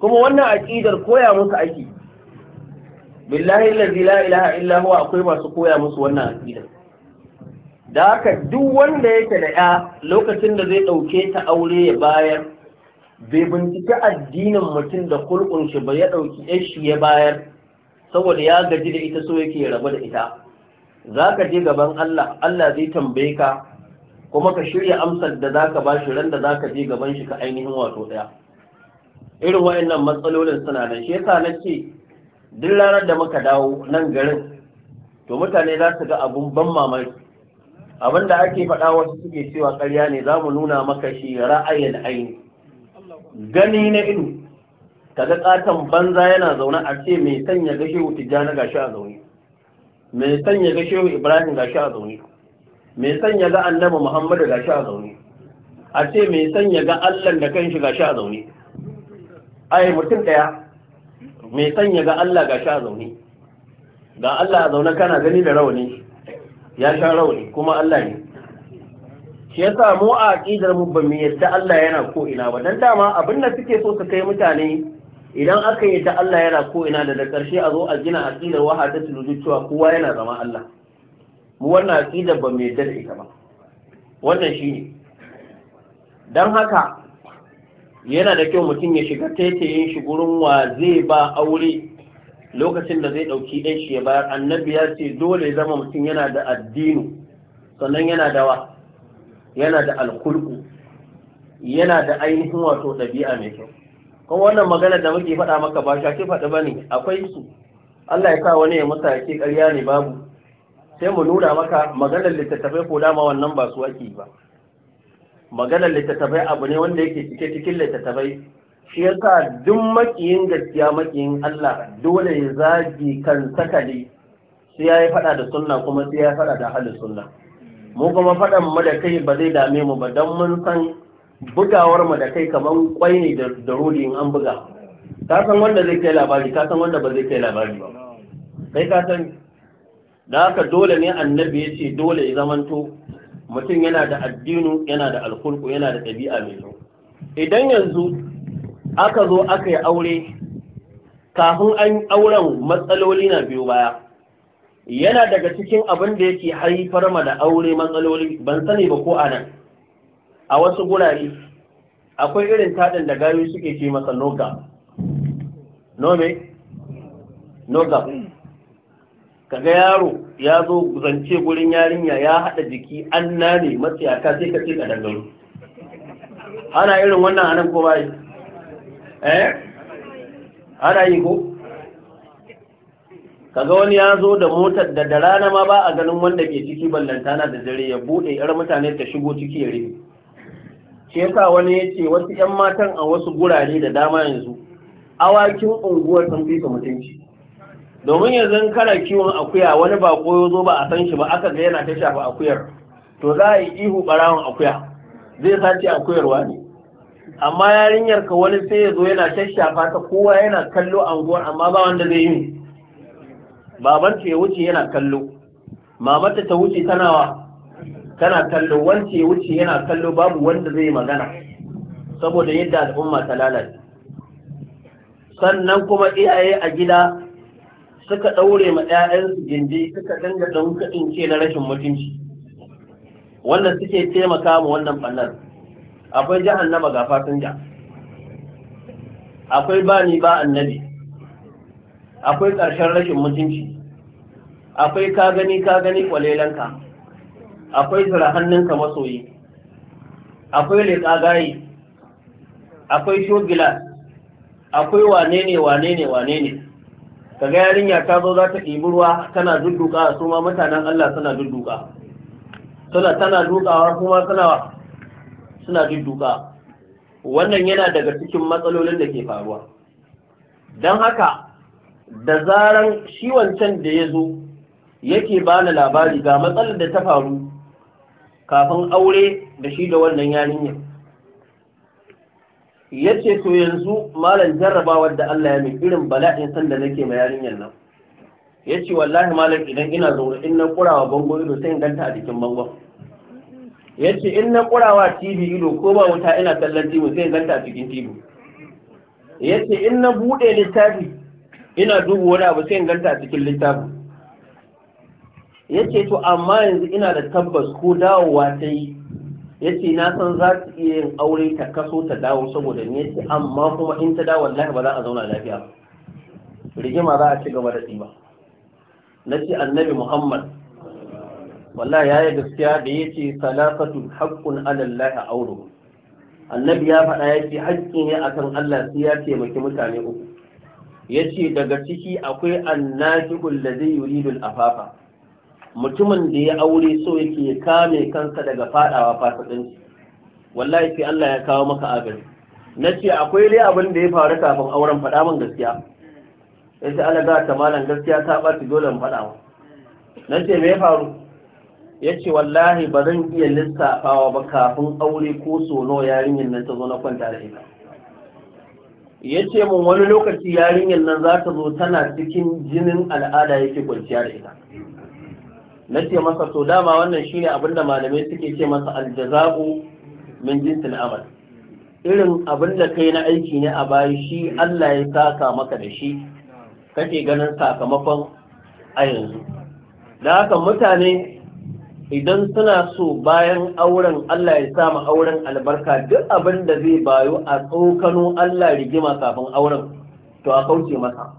kuma wannan aƙidar koya musu aiki billahi allazi la ilaha illa huwa akwai masu koya musu wannan aƙidar da haka duk wanda yake da ya lokacin da zai ɗauke ta aure ya bayar bai bincika addinin mutum da kulkun shi ba ya ɗauki shi ya bayar saboda ya gaji da ita so yake rabu da ita za ka je gaban Allah Allah zai tambaye ka kuma ka shirya amsar da za ka bashi ran da za ka je gaban shi ka ainihin wato ɗaya irin wayannan matsalolin suna da shi yasa na ce duk ranar da muka dawo nan garin to mutane za su ga abun ban mamaki abin da ake faɗa wasu suke cewa ƙarya ne za mu nuna maka shi ra'ayin aini gani na ido kaga katon banza yana zaune a ce mai sanya ga shehu tijjani ga shi a zaune mai sanya ga shehu ibrahim ga shi a zaune mai sanya ga annabi muhammadu ga shi a zaune a ce mai sanya ga allah da kanshi ga shi a zaune ai mutum daya mai sanya ga allah ga shi a zaune ga allah a zaune kana gani da rauni ya sha rauni kuma allah ne shi yasa mu a aqidar mu ba mu yadda Allah yana ko ina ba dan dama abin da suke so su kai mutane idan aka yi ta Allah yana ko ina da da ƙarshe a zo a gina waha ta tuluju cewa kowa yana zama Allah mu wannan aqidar ba mai dare ita ba wannan shi ne. Don haka yana da kyau mutum ya shiga taitayin shi gurin wa zai ba aure lokacin da zai ɗauki ɗan shi ya bayar annabi ya ce dole ya zama mutum yana da addini sannan yana da wa yana da alkulku yana da ainihin wato ɗabi'a mai kyau kuma wannan magana da muke faɗa maka ba shi faɗi ba ne akwai su Allah ya sa wani ya ya ke ƙarya ne babu sai mu nuna maka maganar littattafai ko dama wannan ba su ake ba maganar littattafai abu ne wanda yake cike cikin littattafai shi ya sa duk makiyin gaskiya makiyin Allah dole ya zagi kan sakali sai ya yi faɗa da sunna kuma sai ya faɗa da halin sunna mu kuma faɗan mu da kai ba zai dame mu ba don mun san bugawar mu da kai kaman kwai ne da rodi in an buga ka san wanda zai kai labari ka san wanda ba zai kai labari ba kai ka san da haka dole ne annabi ya ce dole ya zamanto mutum yana da addinu yana da alkulku yana da ɗabi'a mai kyau idan yanzu aka zo aka yi aure kafin an auren matsaloli na biyu baya yana daga cikin abin da yake haifar ma da aure matsaloli ban sani ba ko anan a wasu gurare akwai irin taɗin da gayu suke ce masa noga nome noga kaga yaro ya zo zance gurin yarinya ya haɗa jiki an nane matsiyaka sai ka ce ka dangaro ana irin wannan anan ko bai eh ana yi ko kaga wani ya zo da motar da da rana ma ba a ganin wanda ke ciki ballantana da dare ya bude yar mutane ta shigo ciki ya shi yasa wani ya ce wasu 'yan matan a wasu gurare da dama yanzu awakin unguwar sun fi su mutunci domin yanzu kana kiwon akuya wani ba koyo zo ba a san shi ba aka ga yana ta shafa akuyar to za a yi ihu barawon akuya zai sace akuyarwa ne amma yarinyar ka wani sai ya zo yana ta shafa ta kowa yana kallo anguwar amma ba wanda zai yi baban ta ya wuce yana kallo mamata ta wuce tana wa kana kallo wance wuce yana kallo babu wanda zai magana saboda yadda al'umma ta lalace sannan kuma iyaye a gida suka ɗaure ma 'ya'yansu gindi suka dinga ɗan ce na rashin mutunci wanda suke taimaka ma wannan ɓannar akwai jahannama ga fasinja akwai bani ba annabi akwai ƙarshen rashin mutunci akwai ka gani ka gani kwalelanka akwai zira hannunka masoyi akwai leƙa gayi akwai shogila akwai wane ne wane ne wane ne kaga yarinya ta zo za ta ɗibi ruwa tana dudduka su ma mutanen Allah suna dudduka suna tana dukawa kuma suna suna dudduka wannan yana daga cikin matsalolin da ke faruwa don haka da zaran shi wancan da ya zo yake bani labari ga matsalar da ta faru kafin aure da shi da wannan yarinyar ya ce to yanzu malam jarrabawar da Allah ya mai irin bala'in sanda nake ma yarinyar nan ya ce wallahi malam idan ina zaune in na kurawa bango ido sai in ganta a jikin bangon ya ce in na kurawa tv ido ko ba wuta ina kallon tv sai in ganta a cikin tv ya ce in na buɗe littafi ina dubu wani abu sai in ganta a cikin littafi Ya ce to amma yanzu ina da tabbas ko dawowa ta yi Ya ce na san za ta iya yin aure ta kaso ta dawo saboda ne ce. amma kuma in ta dawo wallahi ba za a zauna lafiya rigima za a ci gaba da Na nace annabi muhammad wallahi yi gaskiya da yace salafatu haƙƙun ala a auru annabi ya faɗa ya ce haƙƙi ne akan Allah sai ya taimaki mutane uku Ya ce daga ciki akwai annajibul zai yuridul afafa mutumin da ya aure so yake kame kansa daga fadawa fasikanci wallahi sai Allah ya kawo maka agari na ce akwai dai abin da ya faru kafin auren faɗa min gaskiya ya ce Allah ga ta malam gaskiya ta ɓaci dole in faɗa na ce me ya faru ya ce wallahi ba zan iya lissafawa ba kafin aure ko sono yarinyar nan ta zo na kwanta da ita ya ce mun wani lokaci yarinyar nan za ta zo tana cikin jinin al'ada yake kwanciya da ita na ce masa to dama wannan shine abinda malamai suke ce masa aljaza'u min jinsil amal irin abin da kai na aiki ne a bayi shi Allah ya saka maka da shi kake ganin sakamakon a yanzu da haka mutane idan suna so bayan auren Allah ya samu auren albarka duk abin da zai bayo a tsokano Allah rigima kafin auren to a kauce masa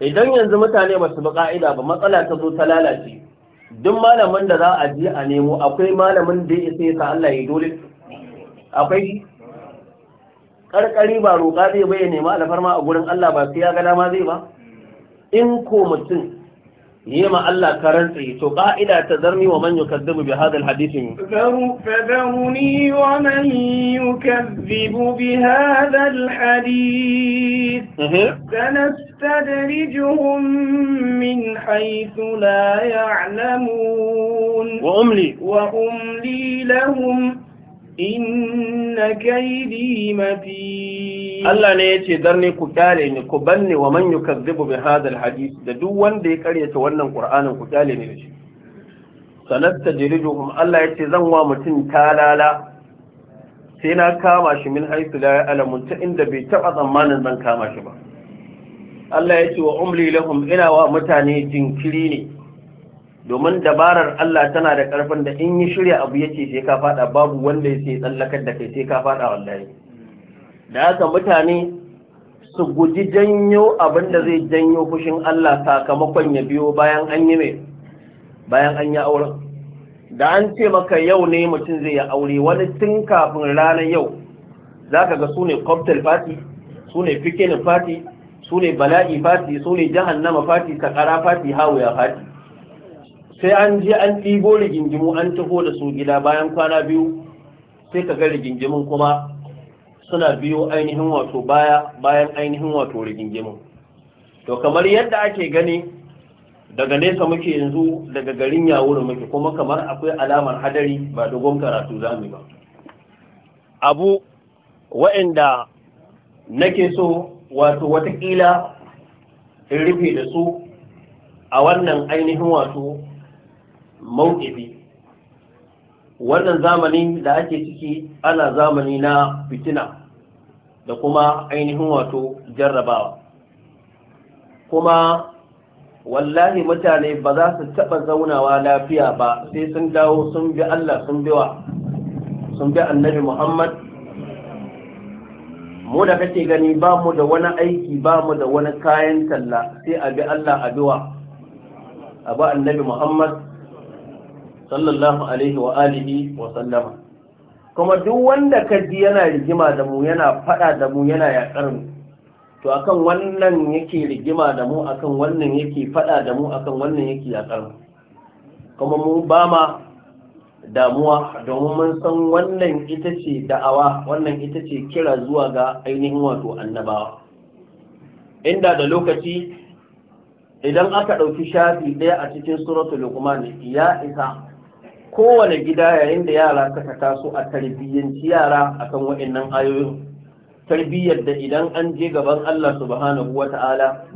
idan yanzu mutane ba su bi ka'ida ba matsala ta zo ta lalace duk malamin da za a je a nemo akwai malamin da ya sai sa Allah ya dole akwai karkari ba roƙa zai bayyana nema alfarma a gurin Allah ba sai ya ga dama zai ba in ko mutum يما الله كرنتي تو قائدة تذرني ومن يكذب بهذا الحديث فذرني ومن يكذب بهذا الحديث سنستدرجهم من حيث لا يعلمون وأملي وأملي لهم inna kaidi mati. Allah ne yace darni ku kyale ni ku banni wa man yukazzibu bi hadal da duk wanda ya karyata wannan qur'anin ku kyale ni da shi sanattajriduhum Allah yace zan wa mutum talala sai na kama shi min haisu la ya'lamu ta inda bai taba tsammanin zan kama shi ba Allah yace wa umli lahum ina wa mutane jinkiri ne domin dabarar Allah tana da ƙarfin da in yi shirya abu yace sai ka fada babu wanda ya tsallakar da kai sai ka fada wallahi da haka mutane su guji janyo abin da zai janyo fushin Allah sakamakon ya biyo bayan an yi mai bayan an yi auren da an ce maka yau ne mutum zai yi aure wani tun kafin ranar yau za ka ga su ne cocktail party su ne fikin party su ne bala'i party su ne jahannama party sakara party hawaya party sai an je an ɗibo rigingimu an taho da su gida bayan kwana biyu sai ka ga rigingimin kuma suna biyo ainihin wato baya bayan ainihin wato rigingimin to kamar yadda ake gani daga nesa muke yanzu daga garin yawuri muke kuma kamar akwai alamar hadari ba dogon karatu zamu ba abu wa'inda nake so wato watakila in rufe da su a wannan ainihin wato mawqifi wannan zamani da ake ciki ana zamani na fitina da kuma ainihin wato jarrabawa kuma wallahi mutane ba za su taɓa zaunawa lafiya ba sai sun dawo sun bi Allah sun biwa sun bi annabi Muhammad mu da kake gani ba mu da wani aiki ba mu da wani kayan talla sai a bi Allah a biwa a bi annabi Muhammad sallallahu alaihi wa alihi wa sallama kuma duk wanda ka ji yana rigima da mu yana faɗa da mu yana yakar mu to akan wannan yake rigima da mu akan wannan yake faɗa da mu akan wannan yake yakar mu kuma mu ba ma damuwa domin mun san wannan ita ce da'awa wannan ita ce kira zuwa ga ainihin wato annabawa inda da lokaci idan aka ɗauki shafi ɗaya a cikin suratul luqman ya isa kowane gida yayin da yara suka taso a tarbiyyanci yara akan waɗannan ayoyin tarbiyyar da idan an je gaban Allah subhanahu wata'ala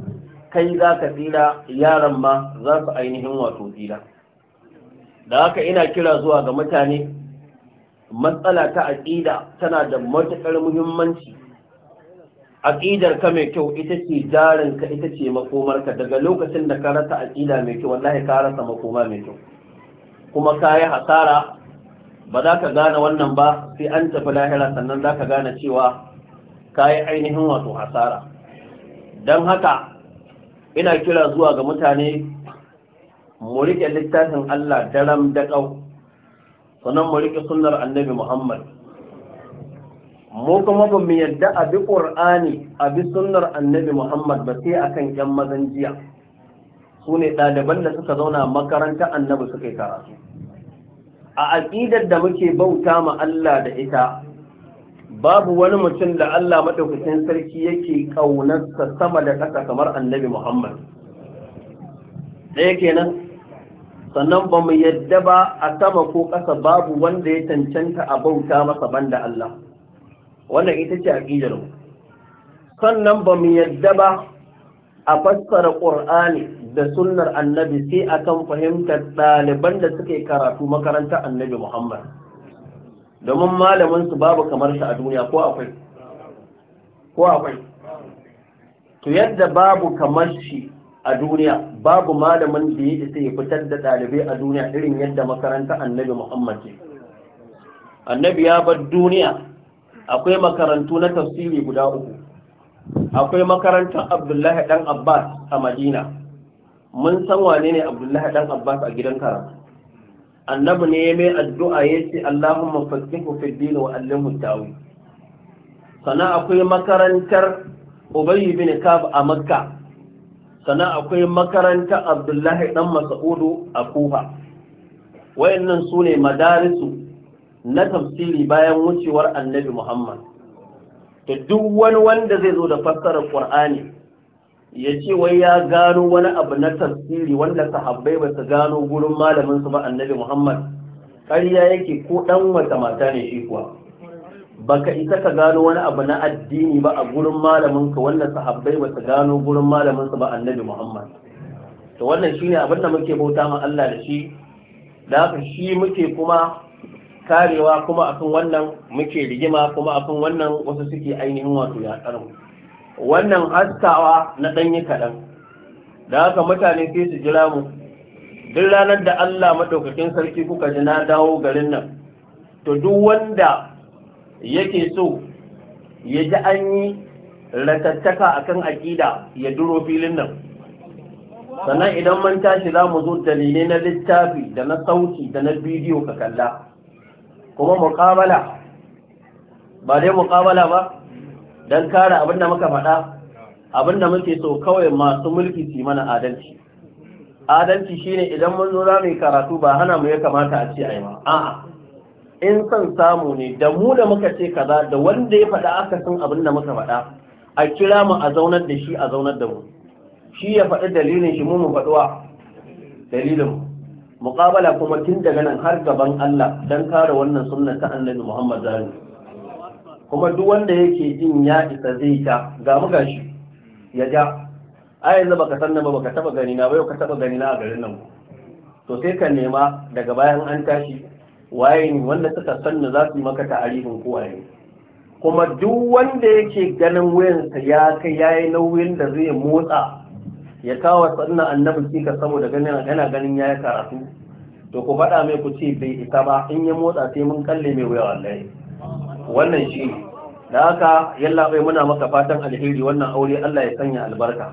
kai za ka tsira yaran ma za su ainihin wato tsira da haka ina kira zuwa ga mutane matsala ta aƙida tana da matuƙar muhimmanci aƙidar ka mai kyau ita ce jarinka ita ce makomarka daga lokacin da ka rasa aƙida mai kyau wallahi ka rasa makoma mai kyau kuma ka yi hasara ba za ka gane wannan ba sai an tafi lahira sannan za ka gane cewa ka yi ainihin wato hasara don haka ina kira zuwa ga mutane mu riƙe littafin Allah daram da ɗau sannan mu riƙe sunnar annabi Muhammad mu kuma ba mu yadda a bi ƙur'ani a bi annabi Muhammad ba sai akan ƴan mazan jiya su ne ɗaliban da suka zauna makaranta annabi suka yi karatu a aƙidar da muke bauta ma Allah da ita babu wani mutum da Allah maɗaukacin sarki yake ƙaunarsa sama da ƙasa kamar annabi Muhammad ɗaya kenan sannan ba mu yadda ba a sama ko ƙasa babu wanda ya cancanta a bauta masa banda Allah wannan ita ce aƙidar mu sannan ba mu yadda ba a fassara ƙur'ani da sunnar annabi sai akan fahimtar ɗaliban da suke karatu makarantar annabi Muhammad domin malamin su babu kamar shi a duniya ko akwai ko akwai to yadda babu kamar shi a duniya babu malamin da ya isa ya fitar da ɗalibai a duniya irin yadda makaranta annabi Muhammad ce annabi ya bar duniya akwai makarantu na tafsiri guda uku akwai makarantar abdullahi dan abbas a madina mun san wane ne abdullahi dan abbas a gidan kara annabi ne ya mai addu'a ya ce allahumma faqihu fid din wa allimhu ta'wi sana akwai makarantar ubayy bin kab a makka sana akwai makarantar abdullahi dan mas'udu a kufa wayannan su ne madarisu na tafsiri bayan wucewar annabi muhammad to duk wani wanda zai zo da fassarar qur'ani ya ce wai ya gano wani abu na tafsiri wanda sahabbai ba su gano gurin malamin su ba annabi Muhammad ƙarya yake ko dan wata mata ne shi kuwa baka isa ka gano wani abu na addini ba a gurin malamin ka wanda sahabbai ba su gano gurin malamin su ba annabi Muhammad to wannan shine abin da muke bauta ma Allah da shi da haka shi muke kuma karewa kuma akan wannan muke rigima kuma akan wannan wasu suke ainihin wato yaƙar mu wannan haskawa na ɗanyi kaɗan da haka mutane sai su jira mu duk ranar da Allah maɗaukakin sarki kuka ji na dawo garin nan to duk wanda yake so ya ji an yi ratattaka a kan aƙida ya duro filin nan sannan idan mun tashi za mu zo dalilai na littafi da na sauti da na bidiyo ka kalla kuma muƙabala ba dai muƙabala ba don kare abin da muka faɗa abin muke so kawai masu mulki su mana adalci adalci shine idan mun zo za mu yi karatu ba hana mu ya kamata a ce a yi ma a'a in son samu ne da mu da muka ce kaza da wanda ya faɗa aka san abin da muka faɗa a kira mu a zaunar da shi a zaunar da mu shi ya faɗi dalilin shi mu mu faɗuwa dalilin mu muqabala kuma tun daga nan har gaban Allah dan kare wannan sunna ta Annabi Muhammad sallallahu kuma duk wanda yake jin ya isa zai ta ga mu gashi ya ja a yanzu baka san nan ba baka taba gani na ba yau ka taba gani na a garin nan to sai ka nema daga bayan an tashi waye ne wanda suka san za su yi maka ta'arifin ko waye kuma duk wanda yake ganin wayansa ya kai yayi nauyin da zai motsa ya kawo sannan annabin kika saboda ganin yana ganin ya yi karatu to ku faɗa mai ku ce bai isa ba in ya motsa sai mun kalle mai wuya wallahi wannan shi da haka yalla muna maka fatan alheri wannan aure Allah ya sanya albarka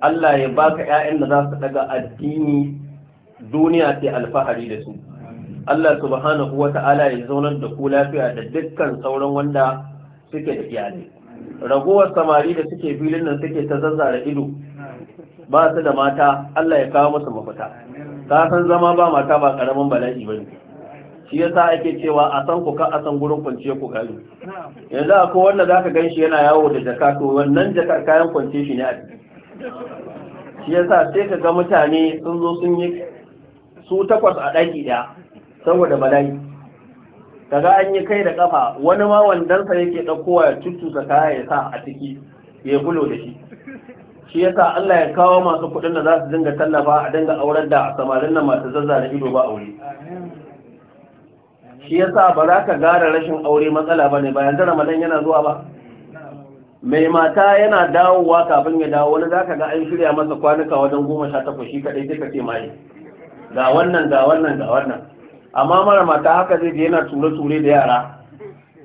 Allah ya baka ƴaƴan da za su daga addini duniya ce alfahari da su Allah subhanahu wata'ala ya zaunar da ku lafiya da dukkan sauran wanda suke da iyali ragowar samari da suke filin nan suke ta zazzara ido ba su da mata Allah ya kawo musu mafita ka san zama ba mata ba karamin bala'i bane shi yasa ake cewa a san ku ka a san gurin kwanciyar ku kare yanzu ko wanda zaka gan shi yana yawo da jaka to wannan jakar kayan kwanciyar shi ne a shi yasa sai ka ga mutane sun zo sun yi su takwas a ɗaki ɗaya saboda bala'i kaga an yi kai da kafa wani ma wandansa yake ɗaukowa ya cutusa kaya ya sa a ciki ya gulo da shi shi yasa Allah ya kawo masu kuɗin da za su dinga tallafa a dinga aurar da samarin nan masu zazza ido ba aure shi ya sa ba za ka gara rashin aure matsala ba ne bayan zara madan yana zuwa ba mai mata yana dawowa kafin ya dawo wani za ka ga an shirya masa kwanuka wajen goma sha takwas shi kaɗai sai ka ce maye ga wannan ga wannan ga wannan amma mara mata haka zai je yana ture-ture da yara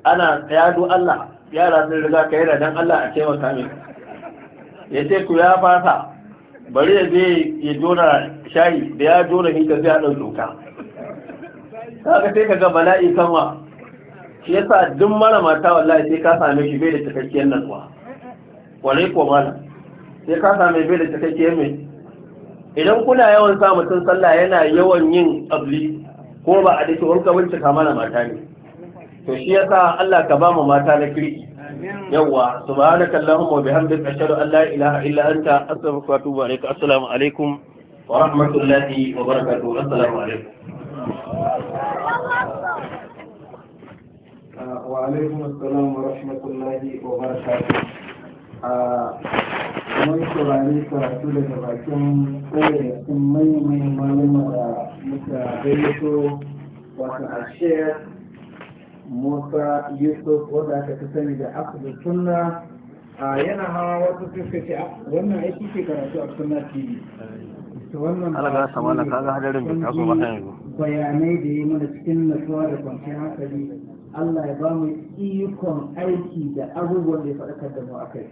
ana yado Allah yara sun riga ka yi dan Allah a cewa kamin ya ce ku ya fasa bari ya je ya jona shayi da ya jona hinka zai ya doka kaga sai ga bala'i kanwa shi yasa duk mara mata wallahi sai ka same shi bai da cikakkiyar nasuwa kwarai ko mana sai ka same bai da cikakkiyar mai idan kuna yawan sa mutum sallah yana yawan yin abli ko ba a dace wanka bincika mana mata ne to shi yasa Allah ka ba mu mata na kirki yawwa subhanaka allahumma wa bihamdika ashhadu an la ilaha illa anta astaghfiruka wa atubu ilaik assalamu alaikum wa rahmatullahi wa barakatuh assalamu alaikum wa alaikum assalam wa rahmatullahi wa barakatuh mun saurari karatu daga bakin ɗaya sun manyan malama da muka gayyato wata ashir musa yusuf wanda aka fi sani da akwai sunna yana hawa wasu suka ce wannan aiki ke karatu a sunna tv wannan bayanai da yi mana cikin nasuwa da kwanciyar hankali Allah ya ba mu ikon aiki da abubuwan da ya faɗakar da mu a kai.